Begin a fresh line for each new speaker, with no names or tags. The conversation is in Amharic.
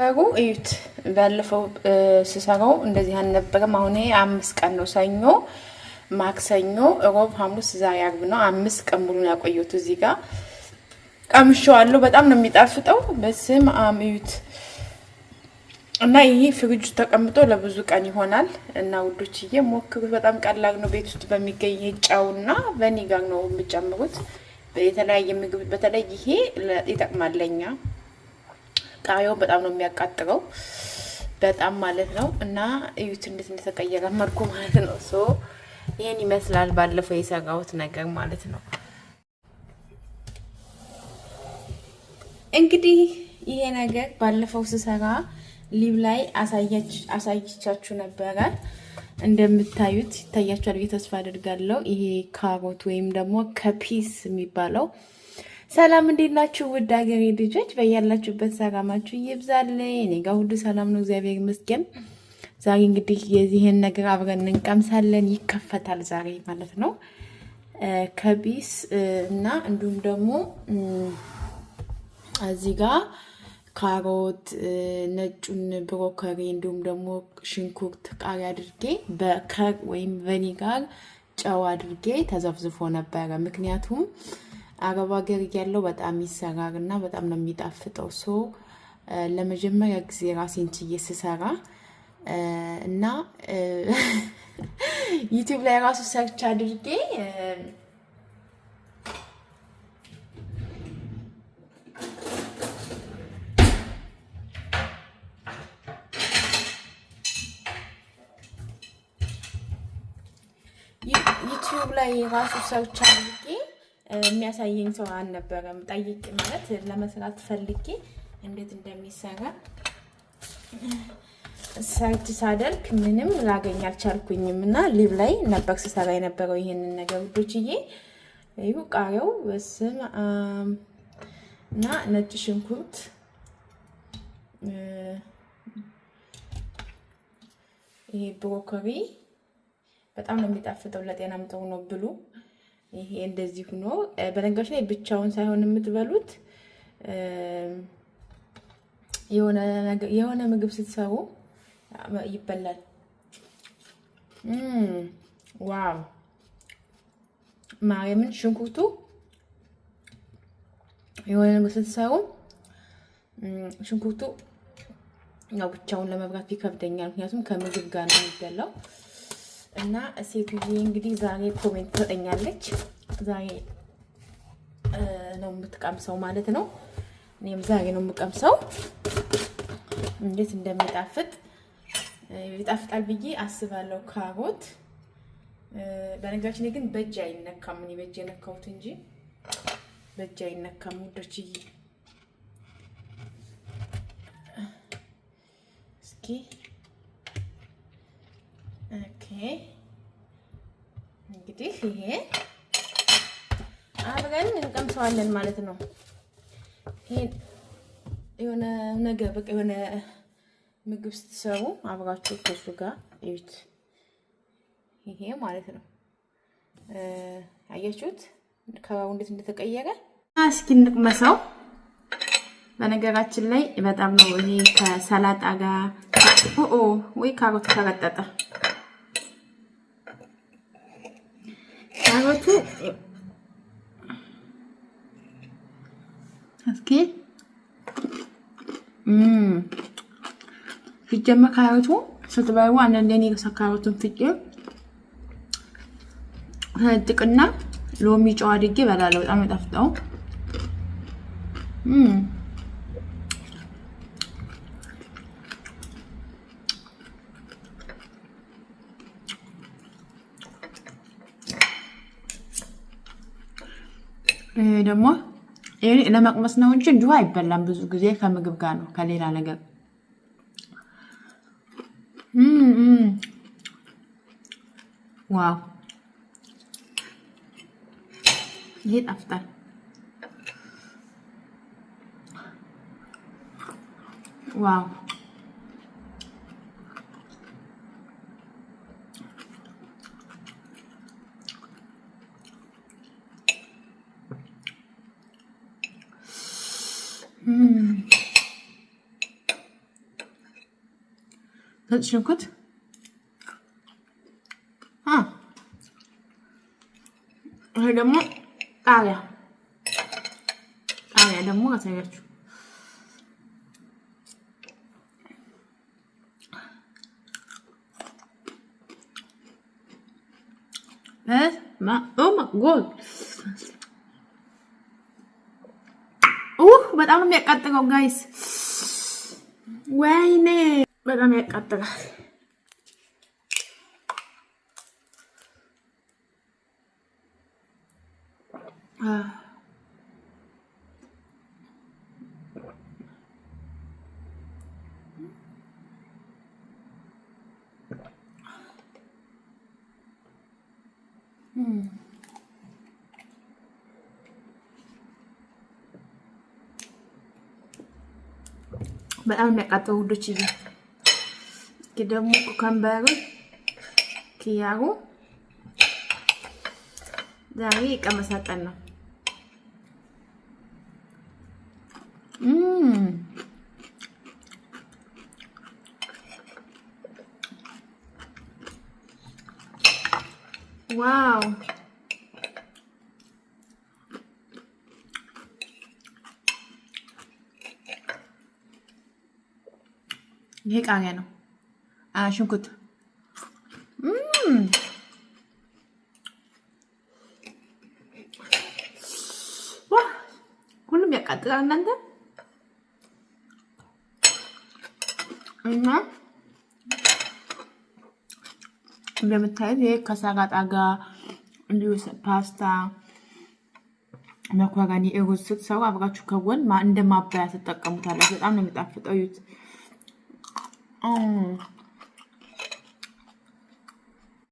ረጉ እዩት። ባለፈው ስሰራው እንደዚህ አልነበረም። አሁን ይሄ አምስት ቀን ነው። ሰኞ፣ ማክሰኞ፣ ሮብ፣ ሐሙስ፣ ዛሬ አርብ ነው። አምስት ቀን ሙሉ ነው ያቆየሁት። እዚህ ጋር ቀምሼዋለሁ። በጣም ነው የሚጣፍጠው። በስም እዩት። እና ይሄ ፍሪጅ ተቀምጦ ለብዙ ቀን ይሆናል። እና ውዶችዬ ሞክሩት። በጣም ቀላል ነው። ቤት ውስጥ በሚገኝ ጨውና ቪኒጋር ነው የምጨምሩት። የተለያየ ምግብ በተለይ ይሄ ይጠቅማል ለኛ ጣሪያውን በጣም ነው የሚያቃጥረው፣ በጣም ማለት ነው። እና እዩት እንዴት እንደተቀየረ መልኩ ማለት ነው። ሶ ይህን ይመስላል ባለፈው የሰራውት ነገር ማለት ነው። እንግዲህ ይሄ ነገር ባለፈው ስሰራ ሊብ ላይ አሳይቻችሁ ነበረ። እንደምታዩት ይታያችኋል ብዬ ተስፋ አድርጋለሁ። ይሄ ካሮት ወይም ደግሞ ከፒስ የሚባለው ሰላም እንዴት ናችሁ? ውድ ሀገሬ ልጆች በያላችሁበት ሰላማችሁ ይብዛልኝ። እኔ ጋር ሁሉ ሰላም ነው፣ እግዚአብሔር ይመስገን። ዛሬ እንግዲህ የዚህን ነገር አብረን እንቀምሳለን። ይከፈታል ዛሬ ማለት ነው። ከቢስ እና እንዲሁም ደግሞ እዚህ ጋር ካሮት፣ ነጩን ብሮከሪ እንዲሁም ደግሞ ሽንኩርት፣ ቃሪያ አድርጌ በከር ወይም ቨኒጋር ጨው አድርጌ ተዘፍዝፎ ነበረ ምክንያቱም አረብ ሀገር ያለው በጣም ይሰራል እና በጣም ነው የሚጣፍጠው። ሶ ለመጀመሪያ ጊዜ ራሴን ችዬ ስሰራ እና ዩቲዩብ ላይ ራሱ ሰርች አድርጌ ዩቲዩብ ላይ ራሱ ሰርች አድርጌ የሚያሳየኝ ሰው አልነበረም። ጠይቅ ማለት ለመስራት ፈልጌ እንዴት እንደሚሰራ ሰርች ሳደርግ ምንም ላገኝ አልቻልኩኝም እና ሊብ ላይ ነበር ስሰራ የነበረው ይሄንን ነገር ውዶችዬ። ይሁ ቃሪያው ስም እና ነጭ ሽንኩርት ይሄ ብሮኮሪ በጣም ነው የሚጣፍጠው። ለጤናም ጥሩ ነው ብሉ። ይሄ እንደዚህ ሆኖ በነገሮች ላይ ብቻውን ሳይሆን የምትበሉት የሆነ ምግብ ስትሰሩ ይበላል። ዋው ማርያምን ሽንኩርቱ የሆነ ምግብ ስትሰሩ ሽንኩርቱ ያው ብቻውን ለመብራት ይከብደኛል። ምክንያቱም ከምግብ ጋር ነው የሚበላው። እና ሴትዬ እንግዲህ ዛሬ ኮሜንት ትሰጠኛለች። ዛሬ ነው የምትቀምሰው ማለት ነው። እኔም ዛሬ ነው የምቀምሰው። እንዴት እንደሚጣፍጥ ይጣፍጣል ብዬ አስባለሁ። ካሮት በነገራችን ላይ ግን በእጅ አይነካም። እኔ በእጅ የነካሁት እንጂ በእጅ አይነካም ውዶችዬ። እስኪ ኦኬ እንግዲህ ይሄ አብረን እንቀምሰዋለን ማለት ነው። ይሄ የሆነ ነገር በቃ የሆነ ምግብ ስትሰሩ አብራችሁ ከሱ ጋር እዩት። ይሄ ማለት ነው አያችሁት ከራው እንዴት እንደተቀየረ። እስኪ እንቅመሰው። በነገራችን ላይ በጣም ነው ይሄ ከሰላጣ ጋር ኦ ወይ ካሮት ከረጠጠ ካሮቱ እስኪ ሲጀመር ካሮቱ ስትበሉ አንዳንዴ እኔ ካሮቱን ፍጬ ጥቅና ሎሚ ጨው አድጌ እበላለሁ። በጣም የጣፍጠው ደግሞ ለመቅመስ ነው እንጂ እንዲሁ አይበላም። ብዙ ጊዜ ከምግብ ጋር ነው ከሌላ ነገር ዋው ይሄ ጣፍጣል። ዋው Das ist schon gut. Ah. Ich habe mal. Ah ja. Ah ja, dann muss Was? Oh my God. buat alam ya kata kok guys wah ini buat alam ya kata ah. Hmm. በጣም የሚያቃጥሉ ውዶች ይ እስኪ ደግሞ ኩከምበሩ ክያሩ ዛሬ ቀመሳጠን ነው። ዋው ይሄ ቃሪያ ነው። ሽንኩርት ሁሉም ያቃጥላል። እናንተ እና እንደምታዩት ይሄ ከሰላጣ ጋር እንዲሁ ፓስታ መኮረኒ፣ ሩዝ ስትሰሩ አብራችሁ ከጎን እንደማባያ ትጠቀሙታላችሁ። በጣም ነው የሚጣፍጠው። 嗯。